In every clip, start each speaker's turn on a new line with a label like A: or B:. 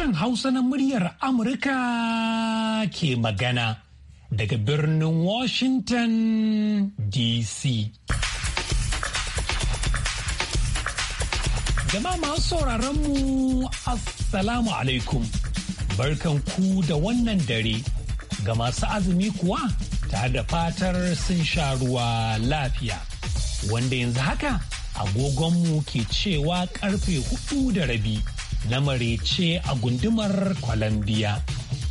A: sashen Hausa na muryar Amurka ke magana daga birnin Washington DC. Jama'a masu sauraron mu Assalamu alaikum. Barkan ku da wannan dare ga masu azumi kuwa tare da fatar sun sha ruwa lafiya. Wanda yanzu haka agogonmu ke cewa karfe hudu da rabi. lamari ce a gundumar Colombia.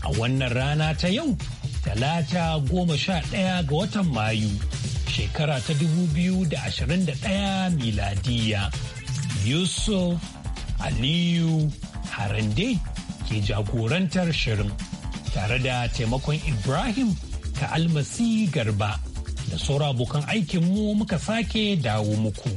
A: A wannan rana ta yau, talata goma sha ɗaya ga watan Mayu, shekara ta dubu biyu da ashirin da ɗaya miladiya. Yusuf Aliyu Harande ke jagorantar shirin tare da taimakon Ibrahim ka almasi garba da sauran abokan aikinmu muka sake dawo muku.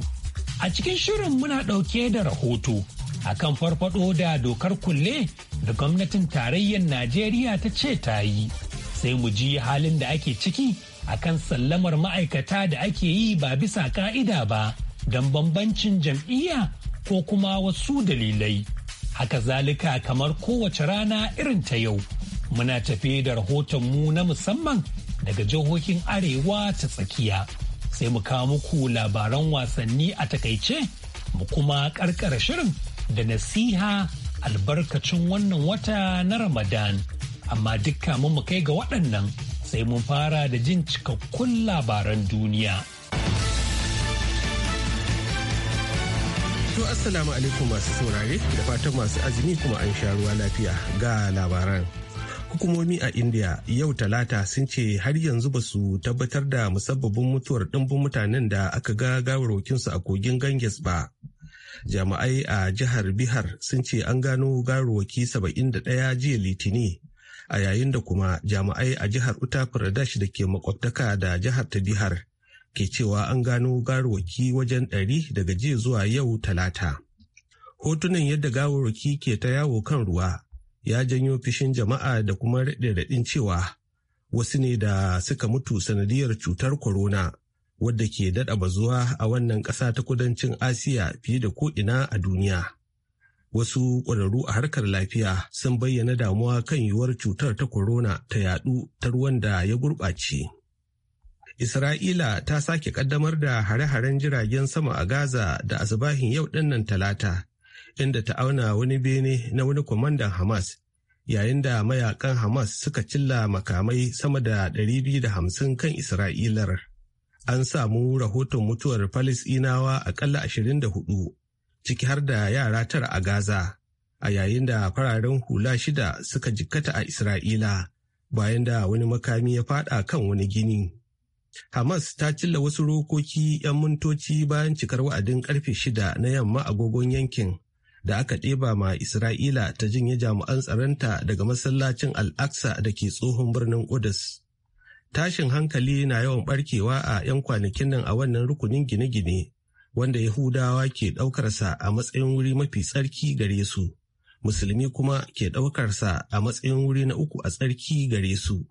A: A cikin shirin muna ɗauke da rahoto. akan farfado da dokar kulle da gwamnatin tarayyar Najeriya ta ce ta yi. Sai mu ji halin da ake ciki akan sallamar ma'aikata da ake yi ba bisa ka'ida ba don bambancin jam'iyya ko kuma wasu dalilai. Haka zalika kamar kowace rana irin ta yau. Muna tafe da rahotonmu na musamman daga jihohin Arewa ta tsakiya. Sai mu kawo muku labaran wasanni a takaice, mu kuma karkara shirin da nasiha albarkacin wannan wata na Ramadan. Amma dukka mu kai ga waɗannan sai mun fara da jin cikakkun labaran duniya.
B: To Assalamu alaikum masu saurare da fatan masu azumi kuma an sha ruwa lafiya ga labaran. Hukumomi a India yau talata sun ce har yanzu ba su tabbatar da musabbabin mutuwar ɗumbin mutanen da aka ga gawarwakinsu a kogin Ganges ba. jami'ai a jihar bihar sun ce an gano garuwaki 71 jiya litini a yayin da kuma jami'ai a jihar uttar pradesh da ke makwabtaka da jihar ta bihar ke cewa an gano garuwaki wajen 100 daga jiya zuwa yau talata hotunan yadda gawarwaki ke ta yawo kan ruwa ya janyo fishin jama'a da kuma raɗe-raɗin cewa wasu ne da suka mutu sanadiyar cutar corona wadda ke daɗa bazuwa a wannan ƙasa ta kudancin asiya fiye da ko'ina a duniya wasu ƙwararru a harkar lafiya sun bayyana damuwa kan yiwuwar cutar ta korona ta yaɗu ta ruwan da ya gurɓace isra'ila ta sake ƙaddamar da hare-haren jiragen sama a gaza da asibahin yau ɗannan talata inda ta auna wani bene na wani kwamandan Hamas yayin da mayakan Hamas suka cilla makamai sama da 250 kan Isra'ilar. an samu rahoton mutuwar Falisɗinawa akalla 24 ciki har da yara tara a Gaza a yayin da fararen hula shida suka jikkata a Isra'ila bayan da wani makami ya faɗa kan wani gini. Hamas ta cilla wasu rokoki 'yan mintoci bayan cikar wa'adin karfe shida na yamma agogon yankin da aka ɗeba ma Isra'ila ta jinya jami'an tsaronta daga masallacin al'aksa da ke tsohon birnin Qudus. tashin hankali na yawan barkewa a 'yan kwanakin nan a wannan rukunin gine-gine wanda yahudawa ke ɗaukarsa a matsayin wuri mafi tsarki gare su musulmi kuma ke ɗaukarsa a matsayin wuri na uku a tsarki gare su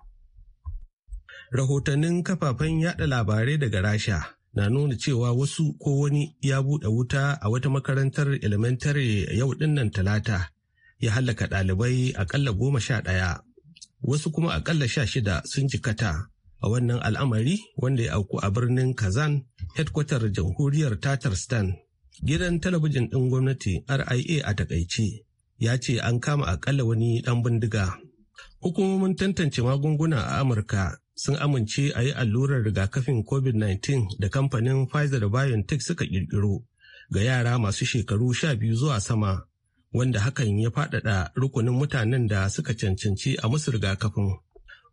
B: rahotannin kafafen yaɗa labarai daga rasha na nuna cewa wasu ko wani ya buɗe wuta a wata makarantar elementare yau dinnan talata ya hallaka ɗalibai akalla goma sha ɗaya wasu kuma akalla sha shida sun jikata a wannan al'amari wanda ya auku a birnin kazan headquarter jamhuriyar tatarstan gidan talabijin ɗin gwamnati ria a takaice ya ce an kama akalla wani ɗan bindiga hukumomin tantance magunguna a amurka sun amince a yi allurar rigakafin covid-19 da kamfanin pfizer da biontech suka ƙirƙiro ga yara masu shekaru sha biyu zuwa sama wanda hakan ya faɗaɗa rukunin mutanen da suka cancanci a musu rigakafin.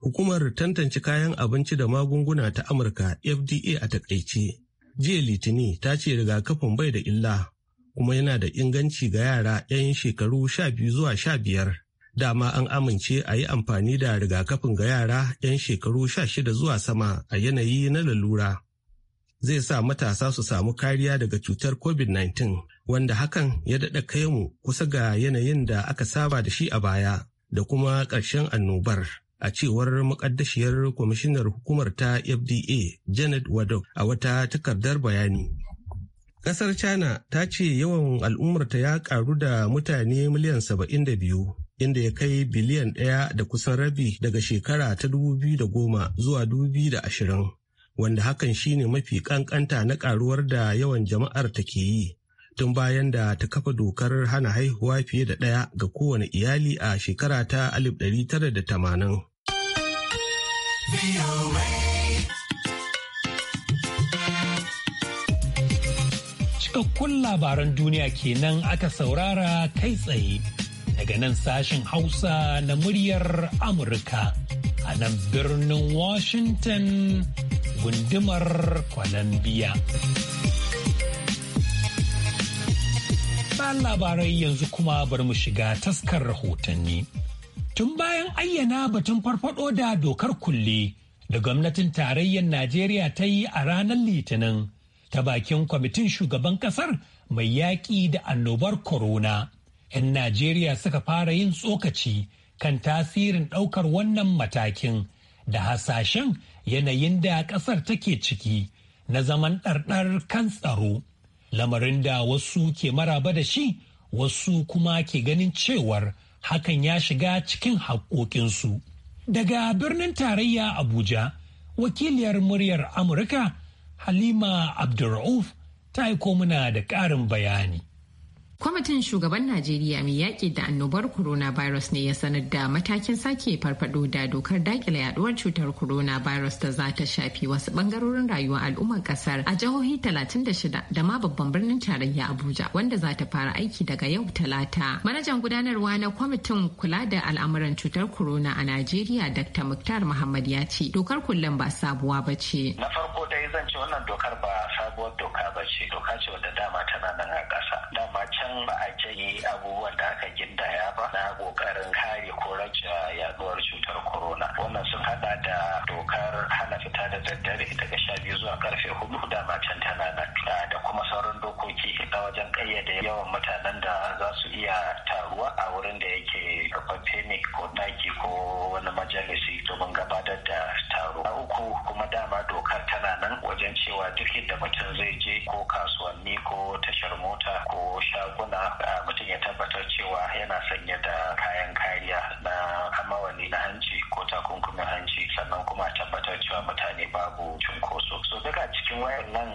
B: Hukumar tantance kayan abinci da magunguna ta Amurka FDA a takaice. Jiya Litini ta ce rigakafin bai da illa kuma yana da inganci ga yara 'yan shekaru sha biyu zuwa sha biyar. Dama an amince a yi amfani da rigakafin ga yara 'yan shekaru sha shida zuwa sama a yanayi na lalura. Zai sa matasa su samu kariya daga cutar COVID-19 wanda hakan ya daɗa kai mu kusa ga yanayin da aka saba da shi a baya da kuma ƙarshen annobar. A cewar muƙaddashiyar kwamishinar hukumar ta FDA Janet Wadok a wata takardar bayani. Ƙasar China ta ce yawan al'ummarta ya ƙaru da mutane miliyan saba'in da biyu. inda ya kai biliyan ɗaya da kusan rabi daga shekara ta goma zuwa 2020 wanda hakan shine mafi ƙanƙanta na ƙaruwar da yawan jama'ar ta ke yi tun bayan da ta kafa dokar hana haihuwa fiye da ɗaya ga kowane iyali a shekara ta 1980.
A: Cikakkun labaran duniya kenan aka saurara kai tsaye daga nan sashen Hausa na muryar Amurka a nan birnin Washington gundumar Columbia. kanan labarai yanzu kuma bar mu shiga taskar rahotanni. Tun bayan ayyana batun farfado da dokar kulle da gwamnatin tarayyar Najeriya ta yi a ranar Litinin ta bakin kwamitin shugaban kasar mai yaƙi da annobar korona, 'Yan Najeriya suka fara yin tsokaci kan tasirin ɗaukar wannan matakin da hasashen yanayin da ƙasar take ciki na zaman ɗarɗar kan tsaro. lamarin da wasu ke maraba da shi wasu kuma ke ganin cewar hakan ya shiga cikin haƙoƙinsu. Daga birnin tarayya Abuja, wakiliyar muryar Amurka Halima Abdur'uf ta yi muna da ƙarin bayani.
C: Kwamitin shugaban Najeriya mai yaƙi da annobar coronavirus ne ya sanar da matakin sake farfado da dokar dakile yaduwar cutar coronavirus da za ta shafi wasu bangarorin rayuwar al'ummar kasar a jihohi 36 da ma babban birnin tarayya Abuja wanda za ta fara aiki daga yau Talata. Manajan gudanarwa na kwamitin kula da al'amuran cutar corona a Najeriya Dr. Muktar Muhammad ya ce dokar kullum ba sabuwa ba ce. Na
D: farko dai zan ce wannan dokar ba sabuwar doka ba ce doka ce wadda dama tana nan a ƙasa dama can idan ba a yi abubuwan da aka gindaya ba na kokarin kare ko rage yaduwar cutar corona wannan sun hada da dokar hana fita da daddare daga sha biyu zuwa karfe hudu da macen tana nan ah, da kuma sauran dokoki na wajen kayyade yawan mutanen da za su iya taruwa a wurin da yake rufaffe ko daki ko wani majalisi domin gabatar da taro na uku kuma dama dokar tana nan wajen cewa duk inda mutum zai je ko kasuwa kasuwanni ko tashar mota ko shaguna mutum ya tabbatar cewa yana sanye da kayan kariya na amawani na hanci ko takunkumin hanci sannan kuma tabbatar cewa mutane babu cunkoso so daga cikin nan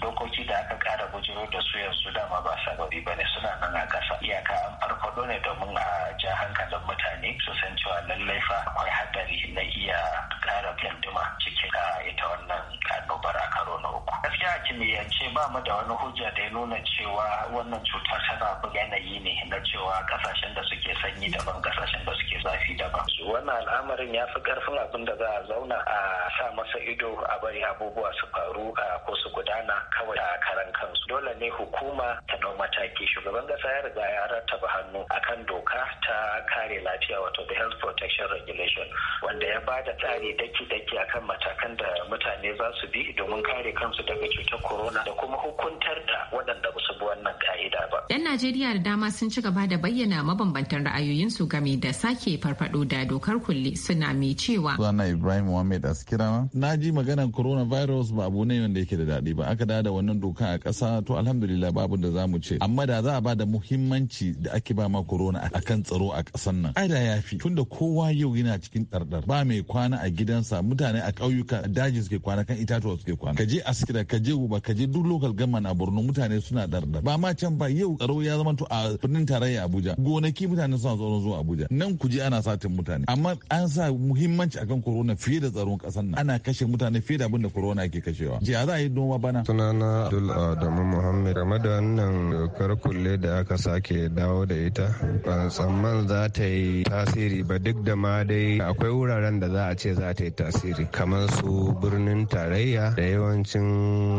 D: lafiya wato the health protection regulation wanda ya ba da tsari daki-daki akan matakan da mutane za su bi domin kare kansu daga cutar corona da kuma hukuntar da waɗanda ba su
C: bi wannan ka'ida ba. Yan Najeriya da dama sun ci gaba da bayyana mabambantan ra'ayoyinsu game da sake farfado da dokar kulle suna mai cewa.
E: Sunana Ibrahim Muhammad Askira na ji maganar virus ba abu ne wanda yake da daɗi ba aka da wannan doka a ƙasa to alhamdulillah babu da za mu ce amma da za a ba da muhimmanci da ake ba ma corona akan tsaro a ƙasar nan. Ai da ya yafi tunda kowa yau yana cikin ɗarɗar ba mai kwana a gidansa mutane a ƙauyuka daji suke kwana kan itatuwa suke kwana kaje askira kaje ka kaje duk lokal gama na borno mutane suna ɗarɗar ba ma can ba yau tsaro ya zama to a birnin tarayya abuja gonaki mutane suna tsoron zuwa abuja nan kuje ana satin mutane amma an sa muhimmanci akan korona fiye da tsaron ƙasar nan ana kashe mutane fiye da abin da corona ke kashewa jiya za a yi noma bana sunana abdul adamu
B: muhammad amma da wannan dokar kulle da aka sake dawo da ita ban tsamman za ta yi tasiri ba duk da ma dai akwai wuraren da za a ce za ta yi tasiri kamar su birnin tarayya da yawancin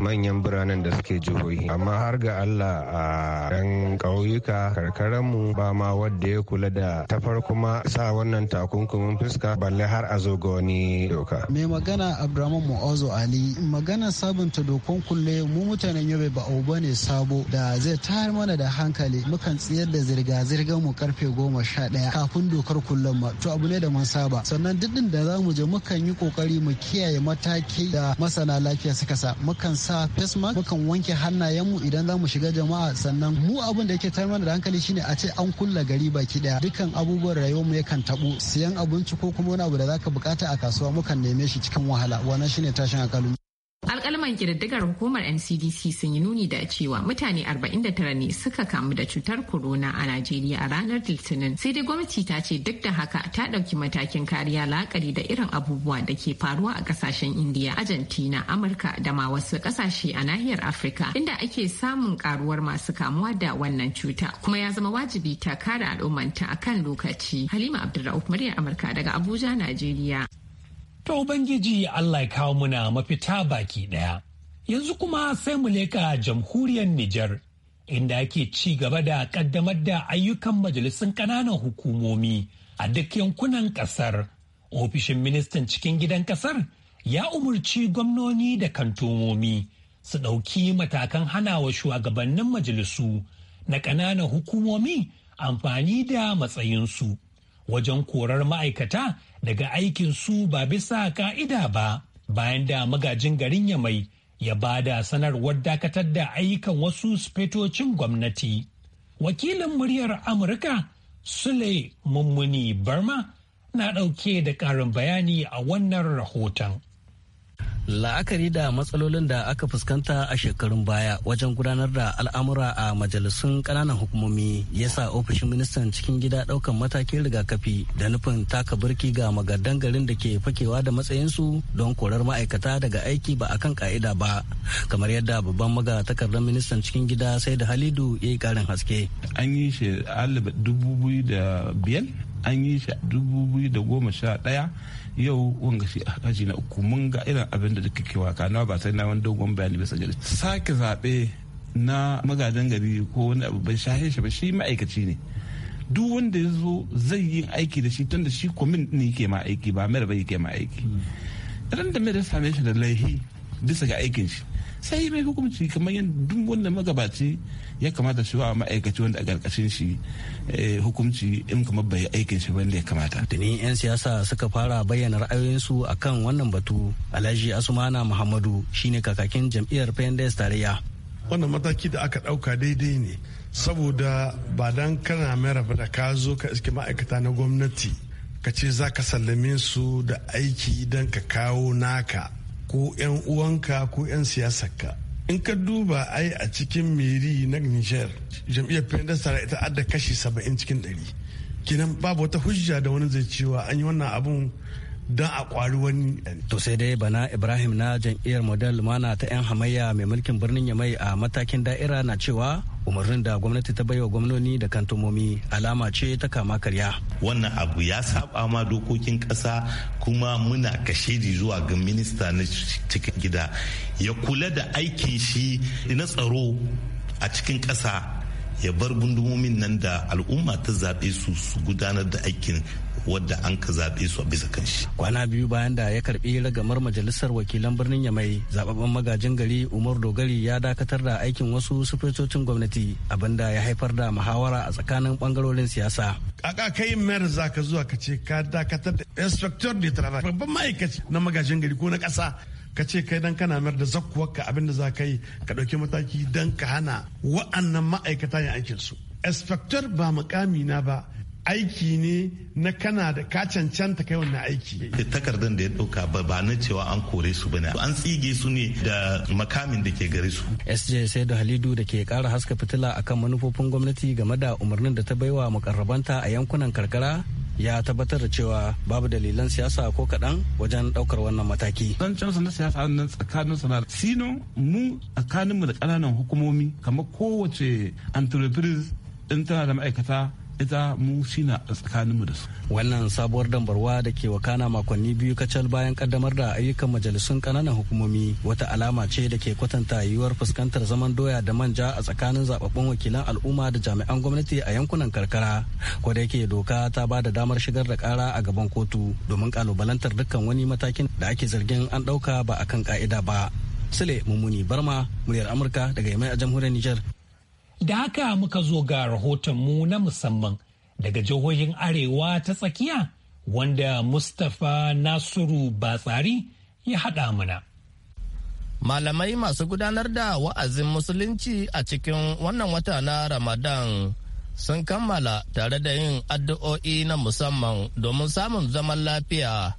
B: manyan biranen da suke jihohi amma har ga allah a yan ƙauyuka mu. ba ma wadda ya kula da tafar kuma sa wannan takunkumin fuska balle har a zo ga wani doka
F: mai magana abdurrahman mu'azu ali magana sabunta dokon kulle mu mutanen yobe ba au ne sabo da zai tayar mana da hankali mukan tsayar da zirga-zirgar mu karfe goma sha ɗaya kafin doka dokar kullum ba to abu ne da mun saba sannan duk din da za mu je mukan yi kokari mu kiyaye mataki da masana lafiya suka sa mukan sa face mask mukan wanke hannayen mu idan za mu shiga jama'a sannan mu abin da yake tarmar da hankali shine a ce an kulla gari baki daya dukkan abubuwan rayuwar mu yakan tabu siyan abinci ko kuma wani abu da zaka bukata a kasuwa mukan neme shi cikin wahala wannan shine tashin hankali
C: alkalman kididdigar hukumar ncdc sun yi nuni da cewa mutane 49 ne suka kamu da cutar corona a najeriya a ranar litinin sai dai gwamnati ta ce duk da haka ta ɗauki matakin kariya la'akari da irin abubuwa da ke faruwa a ƙasashen india argentina amurka da ma wasu ƙasashe a nahiyar afirka inda ake samun ƙaruwar masu kamuwa da wannan cuta kuma ya zama wajibi ta kare al'ummanta akan lokaci halima abdulrahman murya amurka daga abuja najeriya To Ubangiji
A: Allah ya kawo muna mafita baki ɗaya. Yanzu kuma sai mu leka jamhuriyar Nijar, inda ake ci gaba da ƙaddamar da ayyukan majalisun ƙananan hukumomi a duk yankunan ƙasar. Ofishin ministan cikin gidan ƙasar ya umarci gwamnoni da kantomomi su ɗauki matakan hanawa shugabannin majalisu na ƙananan hukumomi amfani da matsayinsu wajen korar ma'aikata daga aikin su ba bisa ka'ida ba bayan da magajin garin ya mai ya ba da sanarwar dakatar da ayyukan wasu sufetocin gwamnati. Wakilin muryar Amurka Sule Mummuni Barma na ɗauke da ƙarin bayani a wannan rahoton. la'akari da matsalolin da aka fuskanta a
G: shekarun baya wajen gudanar da al'amura a majalisun kananan hukumomi ya sa ofishin ministan cikin gida daukan matakin rigakafi da nufin taka birki ga magadan garin da ke fakewa da matsayinsu don korar ma'aikata daga aiki ba akan ka'ida ba kamar yadda babban maga takardar ministan cikin gida sai da halidu ya yi karin haske
E: an yi shi dubu biyu da
B: biyar an yi shi dubu biyu da goma sha ɗaya yau wanga shi haji na uku mun ga irin abin da duka kewa na ba sai na wani dogon bayani bisa gari sake zaɓe na magajin gari ko wani abu bai shahe shi ba shi ma'aikaci ne duk wanda ya zo zai yi aiki da shi tun da shi kwamin ne yake ma aiki ba mera ba yake ma aiki Irin da mera same shi da laihi bisa ga aikin shi sai mai hukunci kamar yadda duk wanda magabaci ya kamata su wa ma'aikaci wanda a ƙarƙashin shi eh, hukunci in
G: kamar bai aikin shi wanda ya kamata. Tuni 'yan siyasa suka fara bayyana ra'ayoyinsu a kan wannan batu Alhaji Asumana Muhammadu shine kakakin jam'iyyar PNDS tarayya. Wannan
H: mataki da aka ɗauka daidai ne saboda ba dan kana mera ba da ka zo ka iske ma'aikata na gwamnati ka ce za ka sallame su da aiki don ka kawo naka ko 'yan uwanka ko 'yan siyasarka in ka duba ai a cikin meri na niger jam'iyyar pendestara ita adda kashi 70 cikin 100 kinan babu wata hujja da wani zai cewa an yi wannan abun don a kwari wani. To
G: sai dai bana Ibrahim na jam'iyyar model mana ta 'yan hamayya mai mulkin birnin Yamai a matakin da'ira na cewa umarnin da gwamnati ta baiwa gwamnoni da kantomomi alama ce ta kama
I: karya wannan abu ya saba ma dokokin kasa kuma muna kashedi zuwa ga minista na cikin gida ya kula da aikin shi na tsaro a cikin kasa ya bar gundumomin nan da al'umma ta zaɓe su su gudanar da aikin wadda an ka zaɓe su a bisa kan Kwana biyu bayan da ya karɓi
G: ragamar majalisar wakilan birnin Yamai zababben magajin gari Umar Dogari ya dakatar da aikin wasu sufetocin gwamnati abinda ya haifar da muhawara a tsakanin bangarorin siyasa. A
H: kai mayar za ka zuwa ka ce ka dakatar da inspector de travail babban ma'aikaci na magajin gari ko na kasa ka ce kai dan kana mayar da zakkuwarka abin da za ka yi ka ɗauki mataki dan ka hana wa'annan ma'aikata yin aikinsu. inspector ba mukami na ba aiki ne na kana da ka cancanta kai wannan aiki.
I: Eh, takardar da ya dauka ba ba na cewa an kore su bane an tsige su ne da makamin da ke gare su. SJ da Halidu
G: da ke kara haska fitila akan manufofin gwamnati game da umarnin da ta baiwa makarrabanta a yankunan karkara ya tabbatar da cewa babu dalilan siyasa ko kaɗan wajen ɗaukar wannan
B: mataki. Zancen na siyasa nan tsakanin su na sino mu tsakaninmu da ƙananan hukumomi kamar kowace entreprise in tana da ma'aikata ita mu shina
G: tsakanin mu da su. Wannan sabuwar dambarwa da ke wakana makonni biyu kacal bayan kaddamar da ayyukan majalisun kananan hukumomi wata alama ce da ke kwatanta yiwuwar fuskantar zaman doya da manja a tsakanin zababbun wakilan al'umma da jami'an gwamnati a yankunan karkara. Ko da yake doka ta ba da damar shigar da kara a gaban kotu domin kalubalantar dukkan wani matakin da ake zargin an ɗauka ba akan ka'ida ba. Sule Mummuni Barma, muryar Amurka daga Yamai a jamhuriyar
A: Nijar. Da haka muka zo ga rahotonmu na musamman daga jihohin Arewa ta tsakiya wanda Mustapha Nasiru Batsari ya haɗa mana.
J: Malamai masu gudanar da wa'azin musulunci a cikin wannan wata na Ramadan sun kammala tare da yin addu'o'i na musamman domin samun zaman lafiya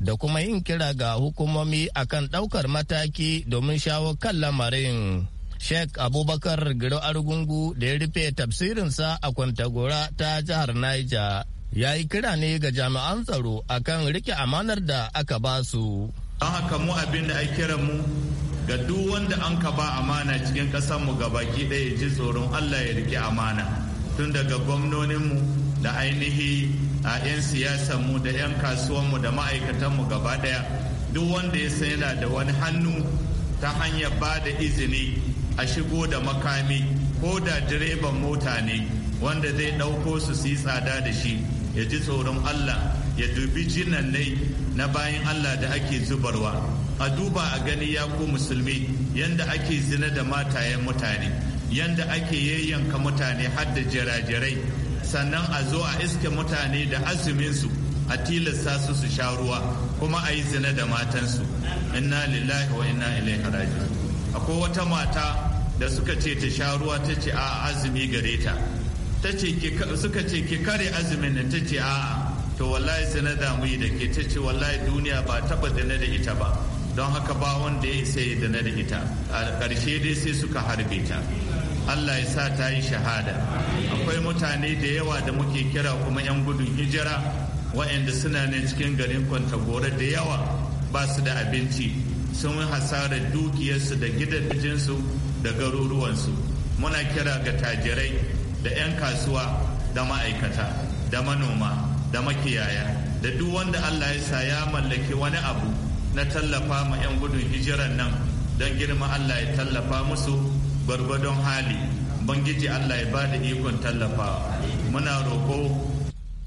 J: da kuma yin kira ga hukumomi akan ɗaukar mataki domin shawo kan lamarin. Sheikh Abubakar Giro Argungu da ya rufe tafsirinsa a Kwantagora ta jihar Niger ya yi kira ne ga jami'an tsaro akan rike amanar da aka ba su.
I: An haka mu abin da ake mu ga duk wanda an ka ba amana cikin ƙasarmu ga baki ɗaya ji tsoron Allah ya rike amana tun daga mu da ainihi a 'yan mu da 'yan kasuwanmu da ma'aikatanmu gaba ɗaya duk wanda ya san yana da wani hannu ta hanyar ba da izini a shigo da makami ko da direban mota ne wanda zai ɗauko su su yi tsada da shi ya ji tsoron allah ya dubi ne na bayan allah da ake zubarwa a duba a gani ya ku musulmi yanda ake zina da matayen mutane yanda ake yayyanka mutane har da jirajirai sannan a zo a iske mutane da azuminsu a tilasta su su sha ruwa kuma a yi zina da matansu inna lillahi wa inna ilaihi raji'un akwai wata mata da suka ce ta sha ruwa ta ce a azumi gare ta suka ce ki kare azumin nan ta ce a to wallahi sai na damu da ke ta ce wallahi duniya ba taba da na da ita ba don haka ba wanda ya isa da na da ita a ƙarshe dai sai suka harbe ta Allah ya sa ta yi shahada akwai mutane da yawa da muke kira kuma 'yan gudun hijira waɗanda suna ne cikin garin kwantagora da yawa ba su da abinci sun hasarar dukiyarsu da gidajensu da garuruwansu muna kira ga tajirai da 'yan kasuwa da ma'aikata da manoma da makiyaya da duk wanda allah ya sa ya mallaki wani abu na tallafa ma 'yan gudun hijiran nan don girma allah ya tallafa musu gwargwadon hali bangiji allah ya ba da ikon tallafawa muna roko.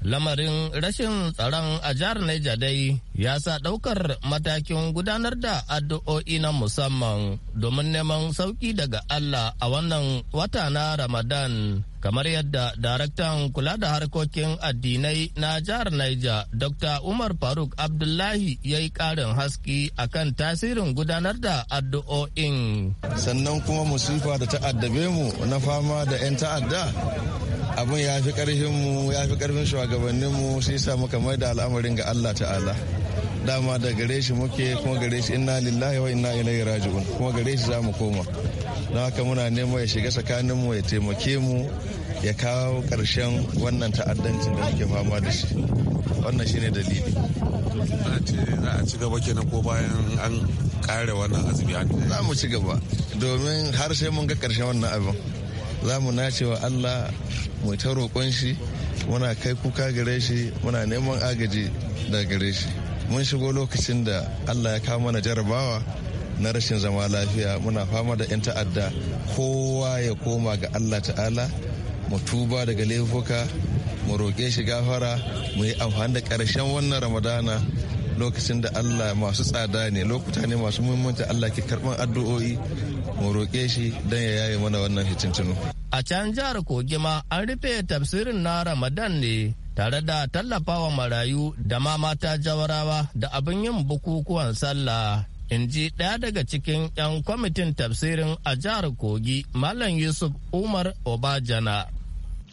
J: Lamarin rashin tsaron a jihar Niger dai ya sa ɗaukar matakin gudanar da addu'o'i na musamman domin neman sauki daga Allah a wannan wata na Ramadan. Kamar yadda daraktan kula da harkokin addinai na jihar Niger, Dr. Umar Faruk Abdullahi ya yi ƙarin haski kan tasirin gudanar da addu'o'in. Sannan kuma musifa da ta'addabe
E: mu na fama da 'yan ta'adda abin ya fi karfin mu ya fi karfin shugabannin mu sai sa muka mai da al'amarin ga Allah ta'ala dama da gare shi muke kuma gare shi inna lillahi wa inna ilaihi raji'un kuma gare shi za mu koma don haka muna neman ya shiga tsakanin mu ya taimake mu ya kawo ƙarshen wannan ta'addancin da muke fama da shi wannan shine dalili za a ci gaba kenan ko bayan an kare wannan azumi za mu ci gaba domin har sai mun ga ƙarshen wannan abin za mu nace wa allah mu ta roƙon shi muna kai kuka gare shi muna neman agaji da gare shi mun shigo lokacin da allah ya kawo mana jarabawa na rashin zama lafiya muna fama da 'yan ta'adda kowa ya koma ga allah ta'ala mu tuba daga laifuka mu roƙe shi gafara mu yi amfani da ƙarshen wannan ramadana lokacin da allah masu tsada ne lokuta ne masu muhimmanci allah ke karɓar addu'o'i mu roƙe shi don ya yaye mana wannan hicincinu.
J: A can jihar kogi ma an rufe tafsirin na Ramadan ne tare da tallafawa marayu da ma mata jawarawa da abin yin bukukuwan sallah in ji ɗaya daga cikin 'yan kwamitin tafsirin a jihar kogi malam yusuf umar obajana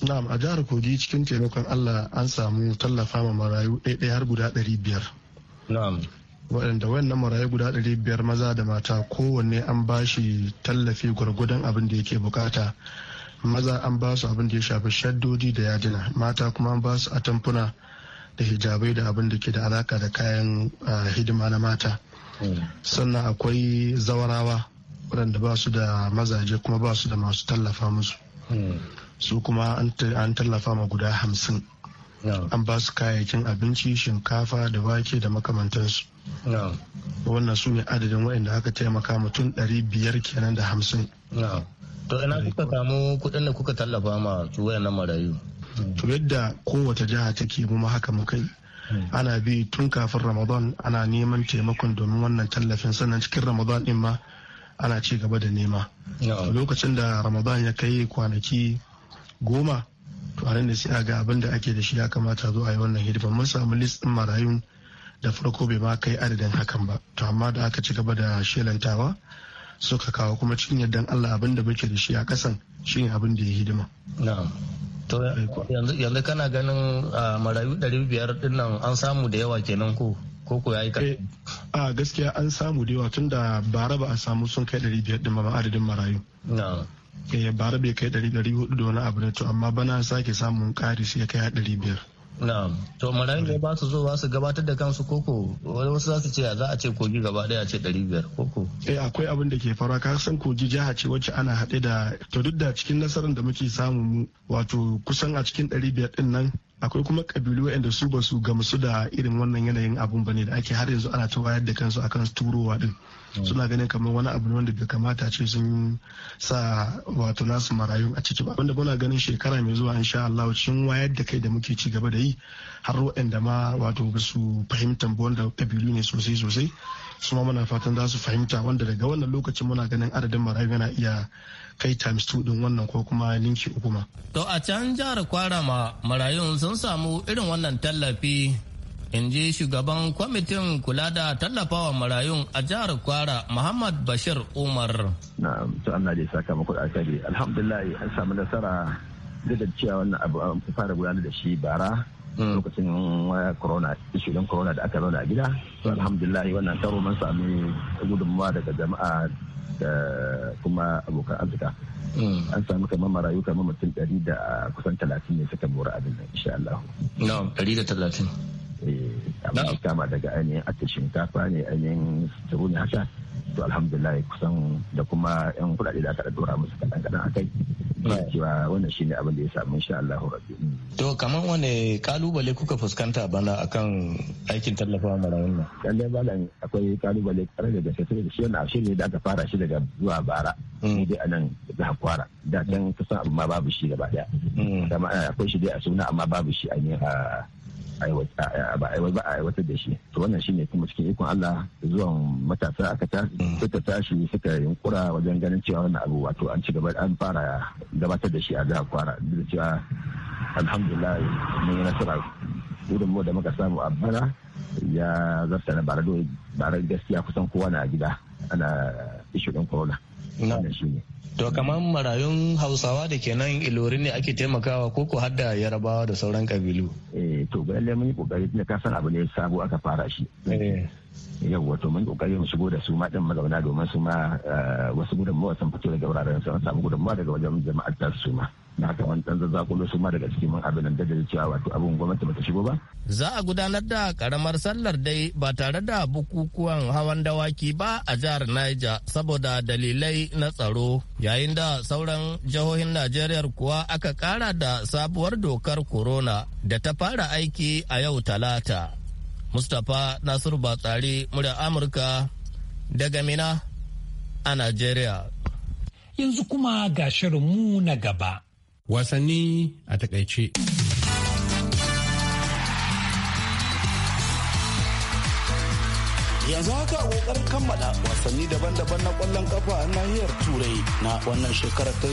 H: na'am a jihar kogi cikin taimakon allah an samu tallafa ma marayu ɗaya har guda biyar. na'am waɗanda wannan marayu guda ɗari biyar maza da mata kowanne an ba shi tallafi gwargwadon abin da yake bukata maza an ba su abin da ya shafi shaddodi da yadina mata kuma an ba su atamfuna da hijabai da abin da ke da alaka da kayan hidima na mata hmm. sannan akwai zawarawa waɗanda ba su da mazaje kuma ba su da masu tallafa musu hmm. su kuma an tallafa ma guda hamsin hmm. an ba su kayayyakin abinci shinkafa da wake da makamantansu wannan su ne adadin waɗanda aka taimaka mutum 500 kenan da hamsin to ina
J: kuka samu kuɗin da kuka tallafa ma su marayu
H: to yadda kowace jiha take kuma haka muka kai. Hmm. ana bi tun kafin ramadan ana neman taimakon domin wannan tallafin sannan cikin ramadan din ma ana ci gaba da nema lokacin da ramadan ya kai kwanaki goma to a nan da sai a ga abin da ake da shi ya kamata zo a yi wannan hidima mun samu list din marayun da farko bai ma kai adadin hakan ba to amma da aka ci gaba da shelantawa suka kawo kuma cikin yardan Allah abin da muke da shi a kasan shine abin da ya hidima
J: to yanzu kana ganin marayu 500 din nan an samu da yawa kenan ko ko ko yayi eh,
H: a gaskiya an samu da yawa tunda bara ba a samu sun kai 500 din ba adadin marayu eh, bara bai kai 400 da wani abu da to amma bana sake samun ƙari sai ya kai 500
J: na'am to marayun da ba su zo ba su gabatar da kansu koko wasu za su ce za a ce kogi gaba daya ce 500 koko
H: eh akwai abin da ke faruwa ka san kogi jiha ce wacce ana haɗe da to duk da cikin nasarar da muke samu wato kusan a cikin 500 din nan akwai kuma kabilu waɗanda su ba su gamsu da irin wannan yanayin abun bane da ake har yanzu ana ta wayar da kansu akan turowa din mm. suna ganin kamar wani abu wanda bai kamata ce sun sa wato nasu marayu a ciki ba wanda muna ganin shekara mai zuwa insha Allah cikin wayar da kai da muke ci gaba da yi har waɗanda ma wato ba su fahimta ba wanda kabilu ne sosai sosai su ma muna fatan za su fahimta wanda daga wannan lokacin muna ganin adadin marayu yana iya kai times 2 din wannan ko kuma linki uku ma.
J: To a can jihar Kwarama marayun sun samu irin wannan tallafi in ji shugaban kwamitin kula da tallafawa marayun a jihar Kwara Muhammad Bashir Umar.
K: Na to Allah da saka muku da alkhairi. Alhamdulillah an samu nasara duk da cewa wannan abu an fara gudanar da shi bara hmm. lokacin waya eh, corona ishulin corona da aka zauna a gida alhamdulillah wannan taro mun sami gudunmawa daga jama'a da kuma abokan arzika hmm. an samu kamar marayu kamar mutum ɗari da kusan talatin ne suka mora abin nan insha Allah. na ɗari da talatin. Eh, abin da kama daga ainihin ake shinkafa ne ainihin tsiro ne haka to alhamdulillah kusan da kuma yan kudade da aka dora musu kaɗan kaɗan a kai cewa wannan shine abin da ya samu insha Allah rabbi mm. to kamar wane kalubale kuka fuskanta bana akan aikin tallafawa marayun nan lalle malam akwai kalubale kare da gaske da shi wannan shine da aka fara shi daga zuwa bara mm. ni dai anan da hakwara da dan kusan amma babu shi gaba daya mm. eh, akwai shi dai a suna amma babu shi a Eh, ba a aiwatar da shi to wannan shine kuma cikin ikon Allah zuwan matasa aka ta mm. suka tashi suka yunkura wajen ganin cewa wannan abu wato an ci gaba an fara gabatar da shi a jihar Kwara da cewa alhamdulillah mun yi nasara gudunmu da muka samu a bana ya zarta na barar gaskiya kusan kowa na gida ana ishu corona
J: To kamar marayun Hausawa da ke nan ilori ne ake taimakawa ko ku hadda Yarabawa da sauran kabilu.
K: Eh to bayan mun yi kokari tunda ka abu ne sabo aka fara shi. Eh. yawwa wato mun kokari mu shigo da su ma din mazauna domin su ma eh, wasu gudunmawa sun fito daga wuraren su an samu gudunmawa daga wajen jama'ar ta su ma na haka wani dan zazzakulo su ma daga cikin mun abin da da cewa wato abun gwamnati ba ta shigo ba
J: za a gudanar da karamar sallar dai ba tare da bukukuwan hawan dawaki ba a jihar Niger saboda dalilai na tsaro yayin da sauran jihohin Najeriya kuwa aka kara da sabuwar dokar corona da ta fara aiki a yau talata Mustapha Nasiru Batsari murya Amurka
A: daga Mina a Najeriya. Yanzu kuma ga shirinmu na gaba. Wasanni a takaice. yanzu haka kokarin
F: kammala wasanni daban-daban na kwallon kafa a nahiyar turai na wannan shekarar ta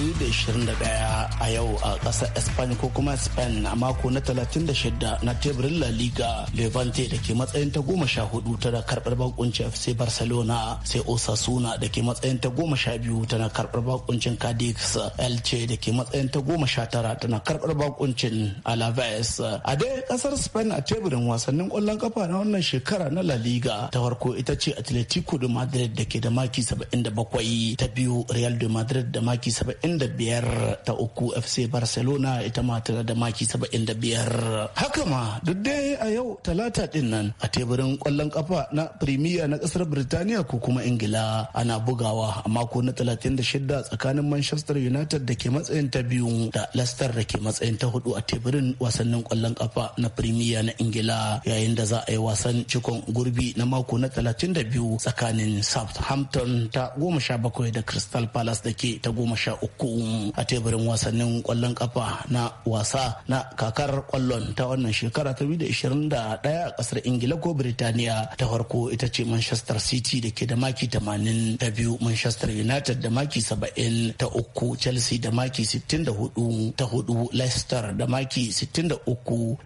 F: daya a yau a ƙasar spain ko kuma spain a mako na 36 na teburin la liga levante da ke matsayin ta goma sha hudu tana karɓar bakuncin fc barcelona sai osasuna da ke matsayin ta goma sha biyu tana karɓar bakuncin cadix elche da ke matsayin ta goma sha tara tana karɓar bakuncin alaves a dai ƙasar spain a teburin wasannin kwallon kafa na wannan shekara na la liga ta farko farko ita ce atletico de madrid da ke da maki 77 ta biyu real de madrid da maki 75 ta uku fc barcelona ita ma tana da maki 75 haka ma duk dai a yau talata din nan a teburin kwallon kafa na premier na kasar birtaniya ko kuma ingila ana bugawa a mako na 36 tsakanin manchester united da ke matsayin ta biyu da leicester da ke matsayin ta hudu a teburin wasannin kwallon kafa na premier na ingila yayin da za a yi wasan cikon gurbi na mako na 32 tsakanin Southampton ta 17 da Crystal Palace da ke ta 13 a teburin wasannin kwallon kafa na wasa na kakar kwallon ta wannan shekara ta 2021 a kasar Ingila ko Birtaniya ta farko ita ce Manchester City da ke da maki 82 biyu Manchester United da maki 70 ta uku Chelsea da maki 64 ta hudu Leicester da maki 63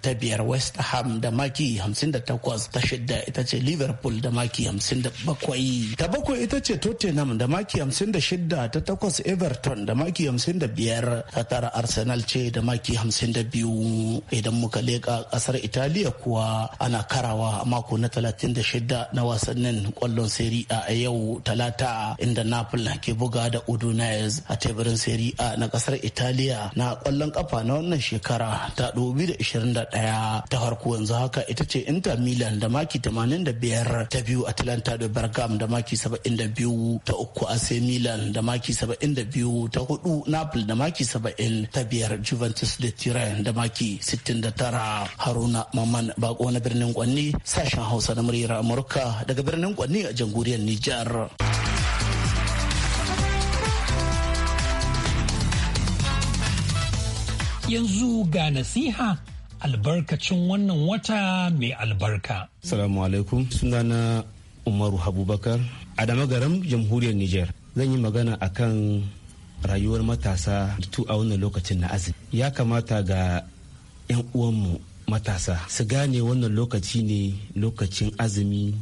F: ta biyar West Ham da maki 58 ta shidda ita ce Liverpool da da maki 57 ta bakwai ita ce tottenham da maki 56 ta takwas everton da maki 55 ta tara arsenal ce da maki 52 idan muka leka kasar italiya kuwa ana karawa a mako na 36 na wasannin kwallon seri a yau talata inda napoli ke buga da udinese a teburin seri a na kasar italiya na kwallon kafa na wannan shekara ta 2021 ta farko yanzu haka ita ce inter milan da maki 85 ta biyu atlanta da bergam da maki 72 ta uku ac milan da maki 72 ta hudu napoli da maki 70 ta biyar juventus da turin da maki 69 haruna maman bako na birnin kwanni sashen hausa na muryar amurka daga birnin kwanni a jamhuriyar nijar
A: yanzu ga nasiha albarkacin wannan wata mai albarka.
L: Salamu alaikum sunana Umaru Habubakar a garin jamhuriyar Nijar. Zan yi magana akan rayuwar matasa tu a wannan lokacin na azumi. Ya kamata ga 'yan uwanmu matasa su gane wannan lokaci ne lokacin azumi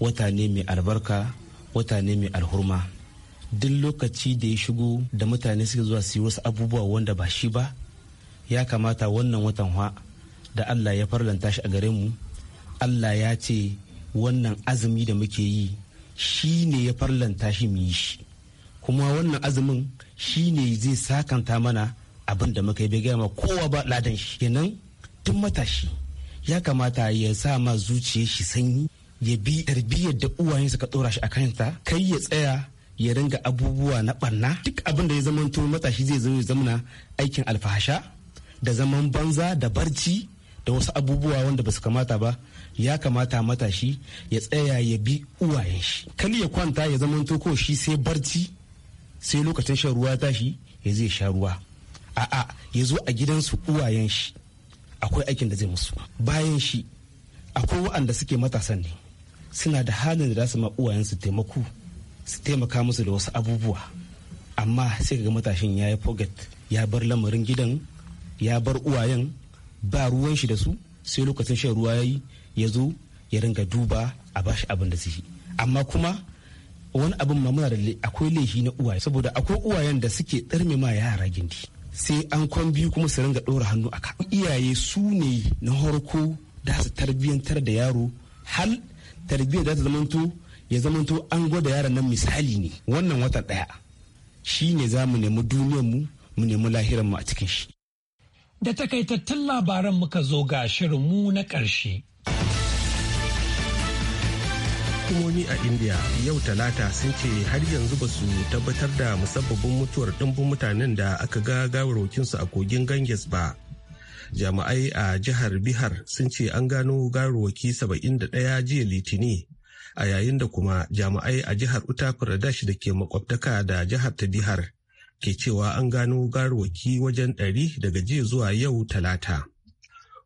L: wata ne mai albarka wata ne mai alhurma. Duk lokaci da ya shigo da mutane suke zuwa su yi wasu abubuwa wanda ba shi ba ya kamata wannan watan da Allah ya farlanta shi a gare mu Allah ya ce wannan azumi da muke yi shi ne ya farlanta shi mu yi shi kuma wannan azumin shi ne zai sakanta mana abin da muka yi bai gama kowa ba ladan shi kenan tun matashi ya kamata ya sa ma zuciya shi sanyi ya bi tarbiyyar da uwayen suka dora shi a kanta kai ya tsaya ya ringa abubuwa na barna duk abin da ya tun matashi zai zo ya zamana aikin alfahasha da zaman banza da barci da wasu abubuwa wanda ba su kamata ba ya kamata matashi ya tsaya ya bi uwayen shi kan ya kwanta ya zama ko shi sai barci sai lokacin shan ruwa tashi ya zai sha ruwa a'a ya zo a gidansu uwayen shi akwai aikin da zai musu bayan shi akwai waɗanda suke matasan ne suna da halin da za su ma uwayensu taimako su taimaka musu da wasu abubuwa amma sai ga matashin ya yi forget ya bar lamarin gidan ya bar uwayen ba ruwan shi da su sai lokacin shan ruwa ya yi ya zo ya ringa duba a bashi abin da su yi amma kuma wani abin ma muna da akwai laifi na uwaye saboda akwai uwayen da suke tsarme ma yara gindi sai an kwan biyu kuma su ringa ɗora hannu a iyaye su ne na harko da su tarbiyyantar da yaro hal tarbiyyar da ta zamanto ya zamanto an gwada yaran nan misali ne wannan watan ɗaya shi ne za mu nemi duniyarmu mu nemi lahiranmu a cikin shi
A: Da takaitattun labaran muka zo ga mu na ƙarshe.
B: Hukumomi a India yau talata sun ce har yanzu ba su tabbatar da musabbabin mutuwar ɗumbin mutanen da aka ga su a kogin Ganges ba. Jami'ai a jihar Bihar sun ce an gano gawarwaki ɗaya jiya Litini. a yayin da kuma jami'ai a jihar Uttar Pradesh da ke makwabtaka da jihar ta Bihar ke cewa an gano gawarwaki wajen ɗari daga jiya zuwa yau talata.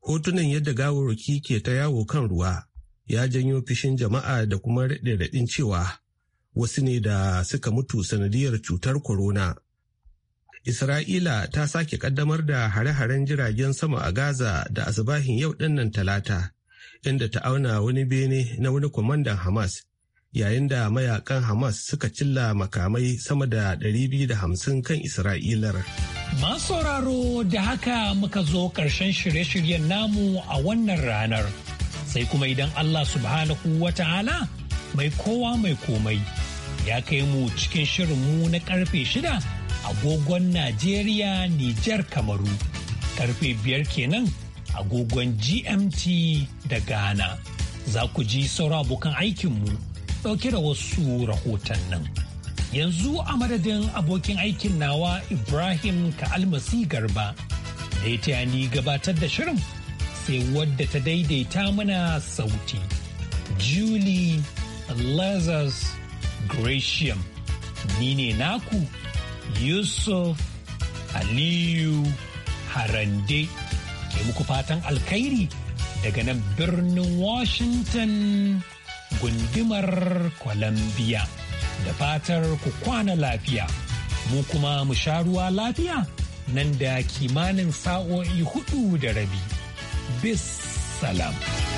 B: Hotunan yadda gawarwaki ke ta yawo kan ruwa ya janyo fishin jama'a da kuma raɗe-raɗin cewa wasu ne da suka mutu sanadiyar cutar corona. Isra'ila ta sake kaddamar da hare-haren jiragen sama a Gaza da asibahin yau ɗinnan talata, inda ta auna wani bene na wani kwamandan Hamas yayin da mayakan Hamas suka cilla makamai sama da 250 kan Isra'ilar.
A: Masu sauraro da haka muka zo ƙarshen shirye-shiryen namu a wannan ranar. Sai kuma idan Allah subhanahu wa ta'ala mai kowa mai komai ya kai mu cikin shirinmu na karfe shida agogon Najeriya Nijar Kamaru. Karfe biyar kenan agogon GMT da Ghana. Za ku ji saura abokan aikinmu. ɗauke da wasu rahotannin. Yanzu a madadin abokin aikin nawa Ibrahim Ka'almasi Garba da ya taya gabatar da shirin sai wadda ta daidaita mana sauti. Julie Lazarus Gratium ni ne naku Yusuf Aliyu Harande ke muku fatan alkhairi daga nan birnin Washington gundumar Columbia. Da fatar ku kwana lafiya, mu kuma mu sha ruwa lafiya nan da kimanin sa'o'i hudu da rabi. Bis salam.